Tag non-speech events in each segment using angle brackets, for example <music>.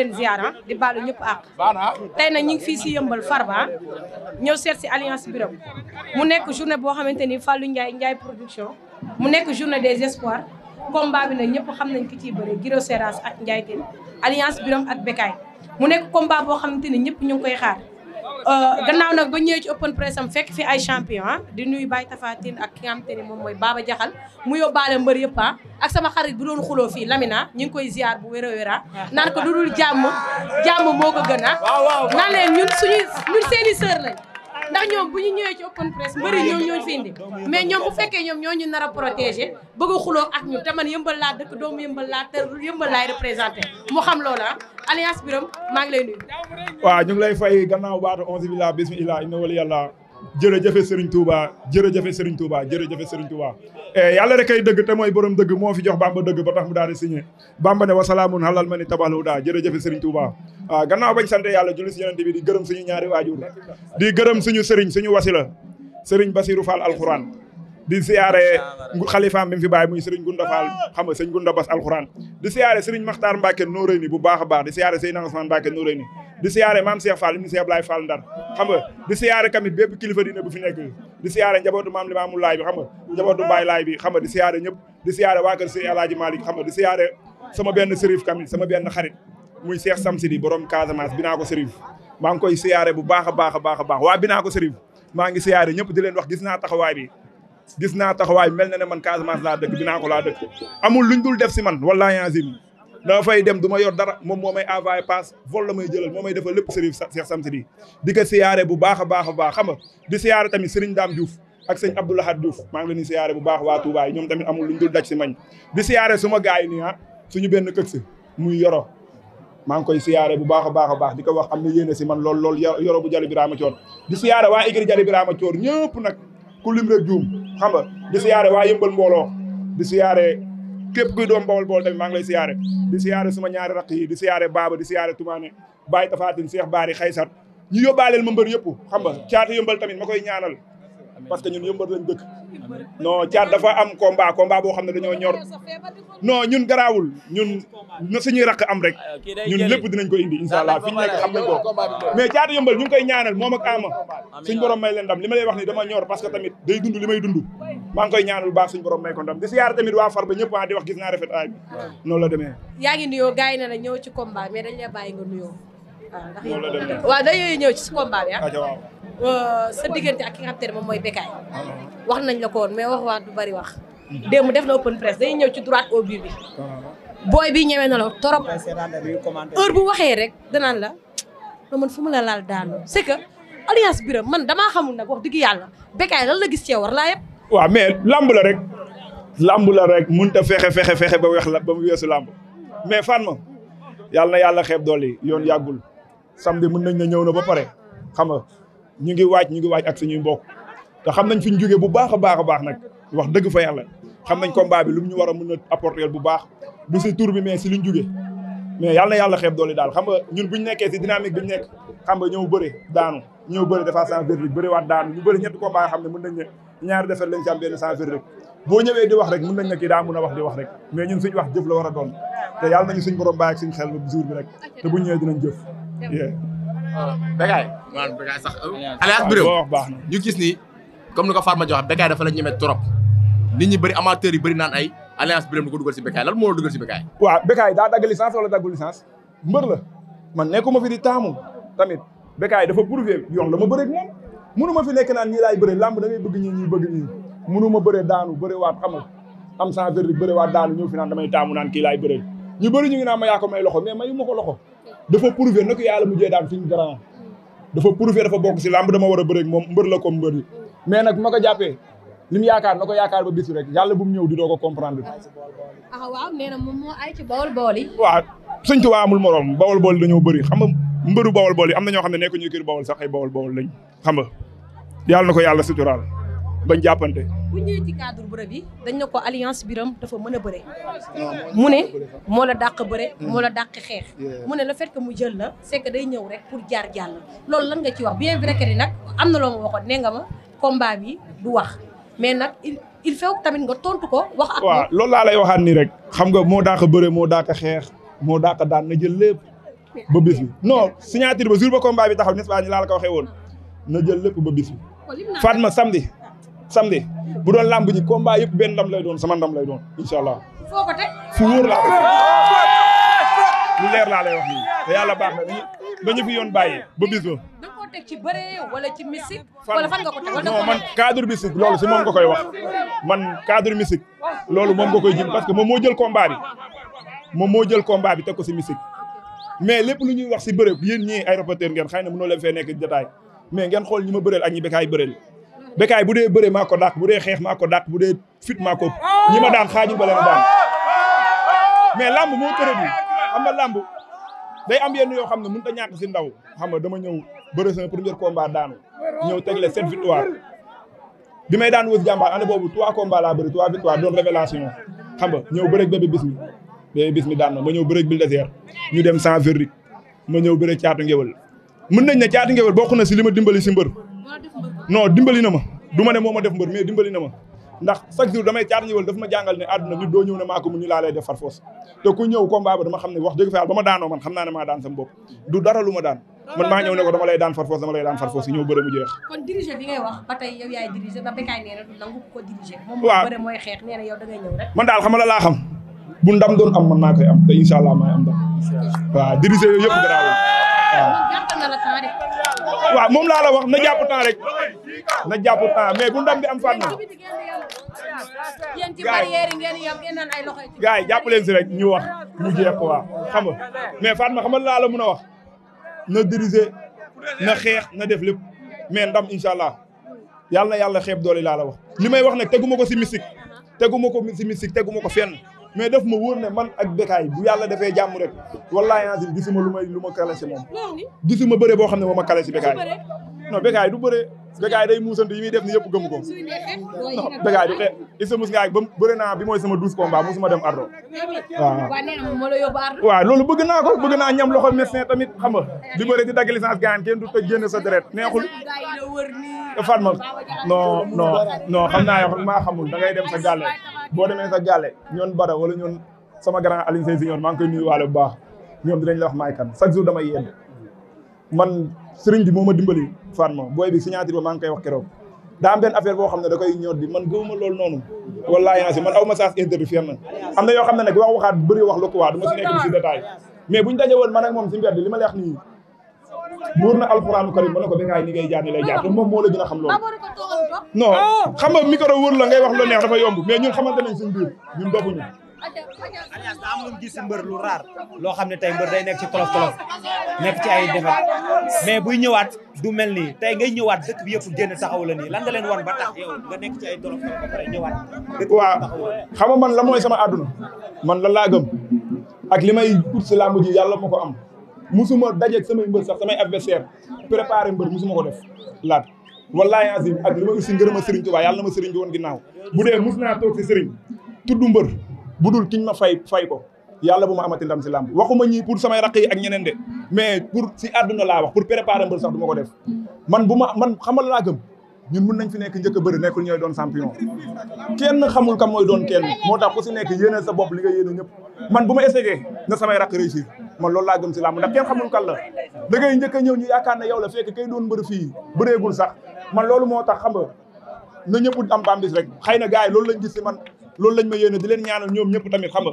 leen ziar ah, di baalu ñëpp àq tey nag ñu ngi fii si yëmbal Farba ah, ñëw seet si Alliance Birame mu nekk journée boo xamante ni Fallou Ndiaye Ndiaye production mu nekk journée des espoirs combat na nag ñëpp xam nañ ki ciy bëre Giro ak Ndiaye Tine Alliance Birame ak Bécaye mu nekk combat boo xamante ni ñëpp ñu koy xaar Euh, gannaaw nag ba ñëwee ci open press am fekk fi ay champion ah di nuyu Baye Tafatine a ki nga xamante ni moom mooy Baba Jaxal mu yóbbaale mbër yëpp ah ak sama xarit bu doon xuloo fii Lamina ah, ñu ngi koy ziar bu wér a wér ah, ah. ko lu dul jàmm jàmm moo ko gën ah naan leen ñun suñuy ñun seeni sœur lañ ndax ñoom bu ñu ñëwee ci open press mbëri ñoom ñoo fi indi mais ñoom bu fekkee ñoom ñoo ñu nar a protéger bëgg a xuloo ak ñu te man yëmbal laa dëkk doomu yëmbal laa te yëmbal laay représenté mu xam loola alliance biram maa ngi lay nuyu waaw ñu lay fay gannaaw baatu onze billah bismillah inna wali yàlla jërëjëfe Serigne Touba jërëjëfe Serigne Touba jërëjëfe Serigne Touba eh, yàlla rek ay dëgg te mooy borom dëgg moo fi jox Bamba dëgg ba tax mu daal di signé Bamba ne wasalaamun halal ma ni tabalu daa jërëjëfe Serigne Touba waaw ah, gannaaw bañ sante yàlla julli si yonente bi di gërëm suñu ñaari waajur di gërëm suñu Serigne suñu wasila Serigne Basirou Fall alxuraan di siyaare xalifaam bi mu fi bàyyi muy Serigne Gunda Fall xam nga sëñ Gunda Bas alxuraan di siyaare Serigne Makhtar Mbacke Noreyni bu baax a baax di siyaare Seydina Ousmane Mbacke Noreyni di siyaare maam Cheikh Fall ibn Cheikh Ablaye Fall Ndar xam di siyaare tamit bépp kilifa diine bu fi nekk di siyaare njabootu maam Limaamu Laay bi xam nga njabootu Baay Laay bi xam di siyaare ñëpp di si El Hadj Malick xam nga di siyaare sama benn sërif tamit sama benn xarit muy Cheikh Samsidi borom Casamance binaa ko sërif maa ngi koy siyaare bu baax a baax a baax a baax waa binaa ko sërif maa ngi siyaare ñëpp di leen wax gis naa taxawaay bi gis naa taxawaay mel na ne man Casamance laa dëkk binaa laa dëkk amul luñ def si man wallaahi azim dama fay dem du ma yor dara moom moo may envoyé passe vol la may jëlal moo may defal lépp Serigne Cheikh Samsidi di ko siyaare bu baax a baax a baax xam nga di siyaare tamit Serigne Dame Diouf ak sëñ Abdoulahad Diouf maa ngi leen di siyaare bu baax waa Touba ñoom tamit amul luñ dul daj si mañ di siyaare suma gaay yi nii ah suñu benn kër muy yoro maa ngi koy siyaare bu baax a baax a baax di ko wax am na yéene si man lool lool yoro bu Jali Birama Coor di siyaare waa Igri Jali Birama Coor ñëpp nag ku lim rek juum xam nga di siyaare waa yëmbal mbooloo di siyaare képp kuy doom bawol bawol tamit maa ngi lay siyaare di siyaare suma ñaari rakk yi di siyaare baaba di siyaare tumaane Baye Tafatin Cheikh Baari Xaysar ñu yóbbaaleel ma mbër yëpp xam nga caata yëmbal tamit ma koy ñaanal parce que ñun yëmbal lañ dëkk non caat dafa am combat combat boo xam ne dañoo ñor non ñun garaawul ñu nekk xam nañ ko mais caata yëmbal ñu ngi koy ñaanal moom ak ama suñ borom may leen ndam li ma wax ni dama ñor parce que tamit day dund li may dund maa koy ñaanal baax suñu borom may ko ndam di siyaare tamit waa Farba ñëpp ah di wax gis naa rafetaay bi. Ah. noonu la demee. yaa ngi nuyoo gars yi ne la ñëw ci combat mais ah, ah. euh, sa diggante ak ki nga xam te ne moom mooy Bécaye. wax nañ la ko woon mais wax waa du bari wax. démb def na open press dañuy ñëw ci droite au but bi. booy bi ñeme na la trop. heure bu waxee rek danaan la. man fu mu la laal daanu c'est que alliance Birame man damaa xamul nag wax dëgg yàlla Bécaye lan la gis ci yow laa waaw mais lamb la rek lamb la rek mënut a fexe fexe fexe ba weex la ba mu weesu làmb mais fan ma yàlla yàlla xeeb dool yoon yàggul samedi mën nañ na ñëw na ba pare xam nga ñu ngi waaj ñu ngi waaj ak suñuy mbokk te xam nañ fi ñu bu baax a baax a baax nag wax dëgg fa yàlla xam nañ combat bi lu mu ñu war a mën a apporter bu baax bu si tur bi mais si liñ jógee mais yàlla na yàlla xeeb doole daal xam nga ñun bu ñu nekkee si dynamique bi ñu nekk xam nga ñëw bëri daanu ñëw bëri defaa sans verdict bëri waat daanu ñu bëri ñetti combat yoo xam ne mën nañ ne ñaari defar lañ si am benn sans verdict boo ñëwee di wax rek mën nañ ne a wax di wax rek mais ñun suñu wax jëf la war a te yàlla nañu suñu borom bàyyi ak suñu ba jour bi rek te bu ñëwee dinañ jëf yé Bécaye waaw Bécaye sax Alliance Birame ñu gis ni comme ni ko Fatma joxe Bécaye dafa la ñeme trop nit ñi bëri amateurs yi bëri naan ay alliance Birame di ko dugal si Bécaye lan moo la dugal si Bécaye waaw Bécaye daa dagg licence wala daggul licence mbër la man nekkuma fi di taamu tamit Bécaye dafa prouvé yoon la ma bëreeg moom munu ma fi nekk naan ñii laay bëree làmb da ngay bëgg ñii ñuy bëgg ñii munu ma bëree daanu bëri waat xam nga am sans verdict bëri waat daanu ñëw fi naan damay taamu naan kii laay bëree ñu bëri ñu ngi naan may loxo mais mayu ma ko loxo dafa prouvé nag yàlla mujjee daan suñu grand dafa prouvé dafa bokk si làmb dama war a bëreeg moom mbër la comme mbër yi mais nag ma ko jàppee li mu yaakaar na ko yaakaar ba bisu rek yàlla bu mu ñëw di doo ko comprendre. ah waaw nee na moom moo ay ci amul morom bawol bool yi dañoo bëri xam nga mbëru bawol bool yi am na ñoo xam ne nekk ñu kër bawol sax ay bawol bool lañ xam nga yàlla na ko yàlla suturaal bañ jàppante. bu ñëwee ci cadre bëre bi dañ ne ko alliance biram dafa mën a bëre. mu ne moo la dàq bëre. moo la dàq xeex. mu ne le fait mu jël la c'est day ñëw rek pour jaar jàll. loolu lan nga ci wax bi vrai que nag am na loo ma waxoon nee nga ma combat bi du wax mais nag il faut tamit nga tontu ko wax ak waaw loolu laa lay waxaat nii rek xam nga moo daaka bëre moo daaka xeex moo daaka daan na jël lépp ba bis bi non signature ba jour ba combat bi taxaw n'est-ce pas ñu ko waxee woon na jël lépp ba bis bi oh, Fatma samdi samedi bu doon làmb ji combat yëpp benn ndam lay doon sama ndam lay doon incha allah foo ko teg fu wóor laa lu leer laa lay wax nii yàlla baax na dañu fi yoon bàyyi ba bis ba teg ci man cadre musique loolu si moom nga koy wax man cadre musique loolu moom nga koy jëm parce que moom moo jël combat bi moom moo jël combat bi teg ko si musique mais lépp lu ñuy wax si bëre yéen ñii ay reporter ngeen xëy na mënoo leen fee nekk jotaay mais ngeen xool ñi ma bëreel ak ñi bekaay bëreel bekaay bu dee bëre maa ko dàq bu dee xeex maa ko dàq bu dee fit maa ko ñi ma daan xaajul ba leen daan mais lamb moo tëre bi xam nga day am yenn yoo xam ne mënut a ñàkk si ndaw xam dama ñëw bëre sama premier combat daanu ñëw tegle sept victoire di may daan wës jàmbaar année boobu trois combats laa bëri trois xam nga ñëw bëreeg bébé bis mi bébé bis mi daan na ma ñëw bëreeg Bulldozer ñu dem sans verdict ma ñëw bëreeg caatu ngewal mën nañ ne caatu ngewal bokk na si li ma dimbali si mbër non dimbali na ma du ma ne moo ma def mbër mais dimbali na ma ndax chaque jour damay caatu ngewal daf ma jàngal ne àdduna nit doo ñëw ne maa ko mu ñu laa lay def farfoos ba dama xam ne wax dëgg fa yàlla ba ma daanoo man xam naa ne maa daan sama bopp du dara lu ma daan man maa ñëw ne ko dama lay daan farfoos dama lay daan farfoos si ñëw bëre mu jeex. kon diriger bi ngay wax ba tey yow yaay diriger ba Bécaye nee na du nangu ko diriger. moom bëre mooy xeex nee na yow da ngay ñëw rek. man daal xam la laa xam bu ndam doon am man naa koy am te incha allah maay am ndam. waaw diriger yooyu yëpp garaawul waaw. waaw moom laa la wax na jàpp temps rek na jàpp temps mais bu ndam di am fànn. yéen ci barrière yi ngeen yem ngeen naan ay loxo. gars yi jàpp leen si rek ñu wax mu jeex ko waaw xam nga mais Fatma xam nga laa la mën a wax na diriger na xeex na def lépp mais ndam incha allah yàlla yàlla xeeb doole laa la wax. li may wax nag teguma ko si mystique teguma ko si mystique teguma ko fenn mais daf ma wóor ne man ak Bécaye bu yàlla defee jàmm rek wallaahi azim gisuma lu may lu ma kale si moom gisuma bëre boo xam ne moo ma kale si Bécaye non Bécaye du bëre. Bécaye day muusante yi muy def ni yëpp gëmu ko non Bécaye du xeex Issa mus nga ak ba bëri naa bi mooy sama douze combat ma dem ardo waaw loolu bëgg naa ko bëgg naa ñam loxo médecin tamit xam nga di bëri di dagg licence gaan kenn du tëj génn sa deret neexul Fatma non no non xam naa yow maa xamul da ngay dem sa gàlle boo demee sa gàlle ñoon Bada wala ñoon sama grand Alioune Sèye Junior maa ngi koy nuyu waale baax ñoom dinañ la wax maay kan chaque jour damay yéen sëriñ bi moo ma dimbali Fatma booy bi signature ba maa ngi koy wax keroog daa am affaire boo xam ne da koy ñor di man gëwuma loolu noonu wallaahi naa si man aw ma saas interview fenn am na yoo ne nag wax waxaat bëri wax lu ko waa du ma si nekk di si woon man ak moom si mbedd li ma lay wax nii muur na alxuraanu karim ma ne ko Bécaye ni ngay jaar ni lay jaar te moom moo la gën a xam loolu non xam nga micro wër la ngay wax lu neex dafa yomb mais ñun xamante nañ suñ biir ñun dofuñu Alliance daa am lu mbër lu raar loo xam ne tey mbër day nekk ci tolof tolof nekk ci ay buy ñëwaat du mel nii tey ngay ñëwaat dëkk bi yëpp génn taxaw la nii lan nga leen wan ba tax yow nga nekk ay tolof tolof ba xam nga man la mooy sama àdduna man lan laa gëm ak li may si làmb ji yàlla ma ko am musuma dajeeg samay mbër sax samay adversaire préparé mbër musuma ko def laat wallahi azim ak li ma ut si ngërëm a Serigne Touba yàlla na ma Serigne bi woon naaw bu dee mus naa toog si Serigne tudd mbër. bu dul kiñ ma fay fay ko yàlla bu ma amati ndam si làmb waxuma ñi pour samay raq yi ak ñeneen de mais pour si àdduna laa wax pour préparer mbër sax du ma ko def man bu ma man xamal laa gëm ñun mun nañ fi nekk njëkk bari nekkul ñooy doon champion kenn xamul kam mooy doon kenn moo tax ku si nekk yéene sa bopp li nga yéene ñëpp man bu ma essayé na samay raq réussir man loolu laa gëm si làmb ndax kenn xamul kan la da ngay ñëw ñu yaakaar ne yow la fekk kay doon mbër fii bëreegul sax man loolu moo tax xam nga na ñëpp am bambis rek xëy na gars yi loolu lañ gis si man loolu lañ ma yéene di leen ñaanal ñoom ñëpp tamit xam nga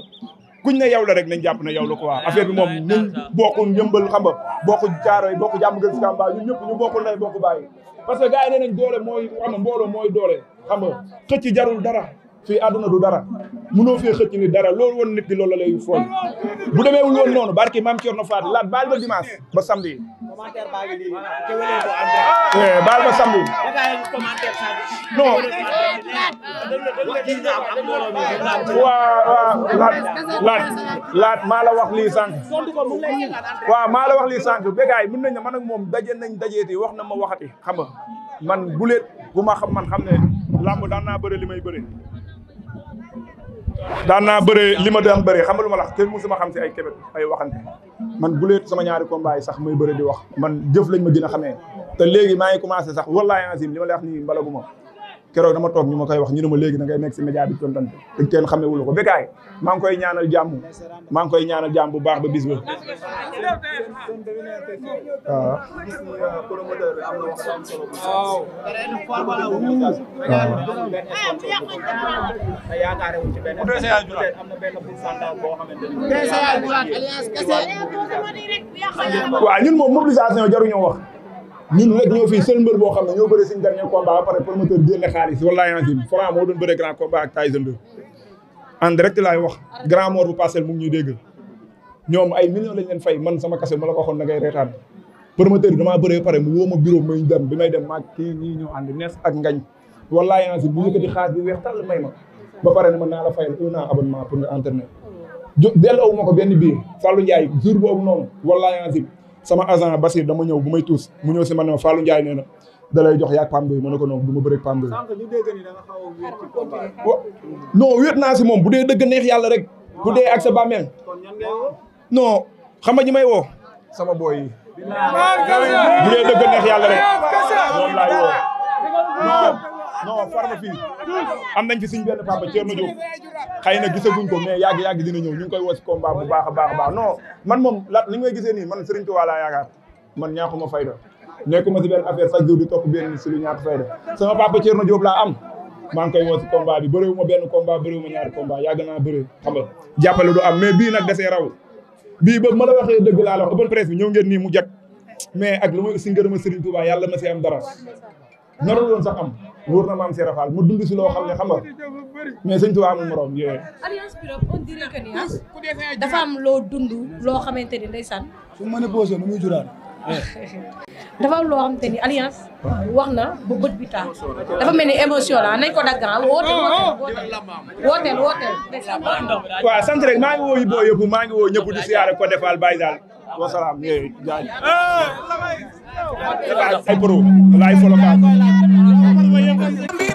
kuñ ne yow rek nañ jàpp ne yow ko quoi affaire bi moom ñun bokku yëmbal xam nga bokku jaaro yi bokku jàmm gën si kamba ñun ñëpp ñu bokku ndey bokku bàyyi parce que gars yi nee nañ doole mooy xam nga mooy doole xam xëcc jarul dara fii àdduna du dara mënoo fee xëcc ni dara loolu woon nit ki loolu la lay fool bu demeewul woon noonu barki maam Thierno Faty laat baal ba dimanche ba samedi commentaire baa ngi nii te wëlee ko eh, am rek. laat laat maa la wax lii sànq. waaw maa la wax lii sànq bégaay mën nañ ne man ak moom daje nañ daje dajeeti wax na ma waxati xam nga man buleet bu ma xam man xam ne làmb daan naa bëri li may bëri. daan naa bëree li ma daan bëree xam nga lu ma la wax kenn musuma xam si ay kebet ay waxante man bu leet sama ñaari combat sax may bëri di wax man jëf lañ ma dina a xamee te léegi maa ngi commencé sax wallaahi azim li ma lay wax nii mbalaguma keroog dama toog ñu ma koy wax ñu ne ma léegi da ngay nekk si média bi tontante te kenn xamewul ko Bécaye maa ngi koy ñaanal jàmm maa koy ñaanal jàmm bu baax ba bis ba waaw ah. ah. waaw waaw ñun moom mobilisation jaruñoo wax ñun rek ñoo fii seen mbër boo xam ne ñoo bëri suñu dernier combat ba pare promoteur génne xaalis wallaahi ancim Franc moo doon bëre grand combat laay wax grand mort bu passel ñuy dégg ñoom ay millions lañ leen fay man sama kase ma la ko waxoon da ngay reetaan promoteur bi damaa bëree pare mu woo ma bureau may dem bi may dem maag kii ñii ñoo ànd nees ak ngañ wallaahi ancim bu yëkkati xaalis bi weex tàll may ma ba pare ne man naa la fayal un an abonnement pour nga entraîner jo delloo ma ko benn biir Fallou Ndiaye jour boobu noonu wallaahi ancim sama agent Basir dama ñëw bu may tuus mu ñëw si man ne ma Fallou Ndiaye nee na da jox yaag Pam Gueye ma ne ko noonu bu ma bëri Pam Gueye non wéet naa si moom bu dee dëgg neex yàlla rek bu dee ak sa bàmmeel non xam nga ñi may woo sama booy bu dee dëgg neex yàlla rek non farba fii am nañ fi suñ benn papa Thierno Diop xëy na gisaguñ ko mais yàgg yàgg dina ñëw ñu ngi koy woo si combat bu baax a baax a baax non man moom la li ngay gisee nii man Serigne Touba la yaakaar man ñaaxuma fayda nekkuma si benn affaire chaque jour di topp benn si lu ñaata fayda sama papa Thierno Diop benn combat bëriwuma ñaari yàgg naa bëri xam nga jàppale bii nag desee raw bii ba ma la waxee mu mais ak lu may si ngërëma yàlla ma si am dara ñor na doon sax am wóor na maam Serap Fall mu dund si loo xam ne xam nga mais sëñ Tuubaa amul morom yee. alliance bi on dirait que ni ah, dafa am loo dund loo xamante ni ndeysaan. su ma mënee posé nu muy juraat. <laughs> dafa am loo xamante ni alliance. wax na ba bët bi taa dafa mel ni émotion la nañ ko daggan ah, woote oh, woote oh. woote waaw sant rek maa ngi woo boo yëpp maa ngi woo ñëpp di siyaare ko defal bàyyi daal wasalaam. ay pro wala ay folokaat